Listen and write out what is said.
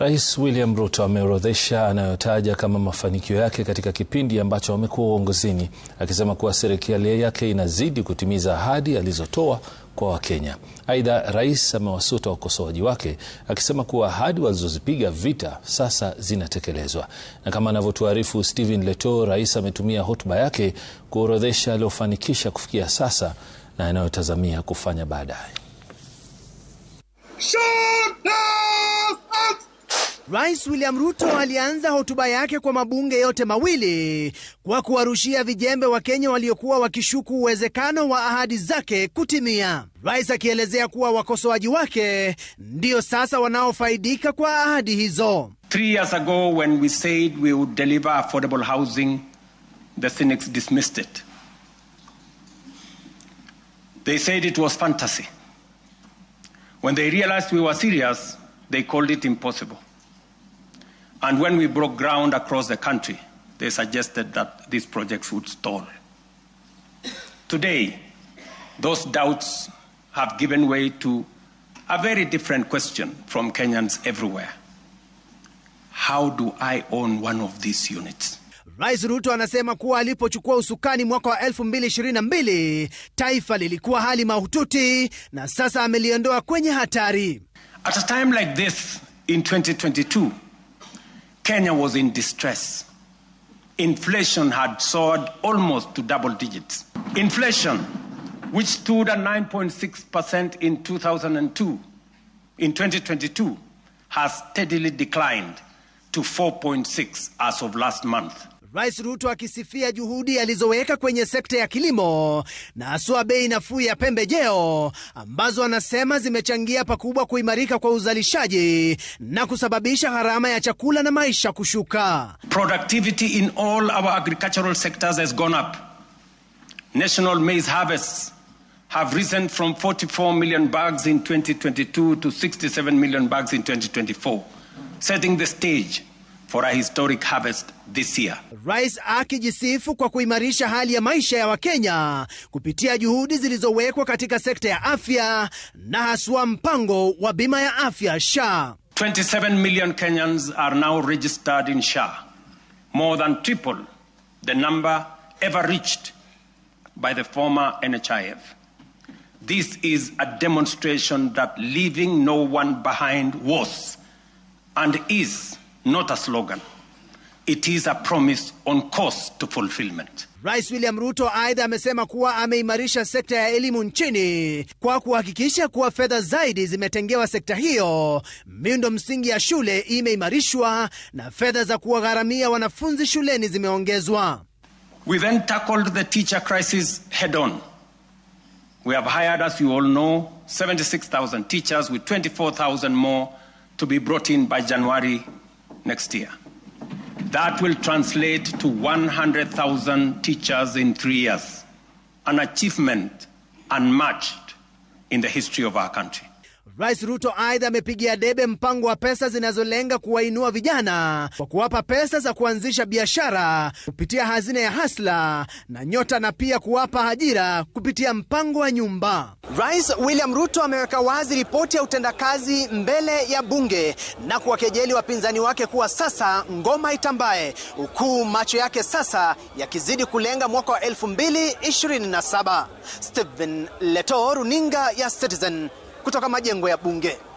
Rais William Ruto ameorodhesha anayotaja kama mafanikio yake katika kipindi ambacho amekuwa uongozini, akisema kuwa serikali yake inazidi kutimiza ahadi alizotoa kwa Wakenya. Aidha, rais amewasuta wakosoaji wake akisema kuwa ahadi walizozipiga vita sasa zinatekelezwa. Na kama anavyotuarifu Stephen Leto, rais ametumia hotuba yake kuorodhesha aliyofanikisha kufikia sasa na anayotazamia kufanya baadaye. Rais William Ruto alianza hotuba yake kwa mabunge yote mawili kwa kuwarushia vijembe wa Kenya waliokuwa wakishuku uwezekano wa ahadi zake kutimia. Rais akielezea kuwa wakosoaji wake ndio sasa wanaofaidika kwa ahadi hizo. Three years ago when we said we would deliver affordable housing, the cynics dismissed it. They said it was fantasy. When they realized we were serious, they called it impossible. And when we broke ground across the country, they suggested that these projects would stall. Today, those doubts have given way to a very different question from Kenyans everywhere. How do I own one of these units? Rais Ruto anasema kuwa alipochukua usukani mwaka wa 2022 taifa lilikuwa hali mahututi na sasa ameliondoa kwenye hatari. At a time like this in 2022, Kenya was in distress. Inflation had soared almost to double digits. Inflation, which stood at 9.6% in 2002, in 2022, has steadily declined to 4.6 as of last month. Rais Ruto akisifia juhudi alizoweka kwenye sekta ya kilimo na haswa bei nafuu ya pembejeo ambazo anasema zimechangia pakubwa kuimarika kwa uzalishaji na kusababisha gharama ya chakula na maisha kushuka. Productivity in all our agricultural sectors has gone up. National maize harvests have risen from 44 million bags in 2022 to 67 million bags in 2024, setting the stage for a historic harvest this year. Rais akijisifu kwa kuimarisha hali ya maisha ya Wakenya kupitia juhudi zilizowekwa katika sekta ya afya na haswa mpango wa bima ya afya SHA. 27 million Kenyans are now registered in SHA, more than triple the number ever reached by the former NHIF. This is a demonstration that leaving no one behind was and is not a slogan. It is a promise on course to fulfillment. Rais William Ruto aidha amesema kuwa ameimarisha sekta ya elimu nchini kwa kuhakikisha kuwa fedha zaidi zimetengewa sekta hiyo, miundo msingi ya shule imeimarishwa na fedha za kuwagharamia wanafunzi shuleni zimeongezwa. We then tackled the teacher crisis head on. We have hired, as you all know, 76,000 teachers with 24,000 more to be brought in by January next year. That will translate to 100,000 teachers in three years, an achievement unmatched in the history of our country. Rais Ruto aidha amepigia debe mpango wa pesa zinazolenga kuwainua vijana kwa kuwapa pesa za kuanzisha biashara kupitia hazina ya Hasla na Nyota na pia kuwapa ajira kupitia mpango wa nyumba. Rais William Ruto ameweka wazi ripoti ya utendakazi mbele ya bunge na kuwakejeli wapinzani wake kuwa sasa ngoma itambae, ukuu macho yake sasa yakizidi kulenga mwaka wa 2027. Stephen Leto, runinga ya Citizen kutoka majengo ya Bunge.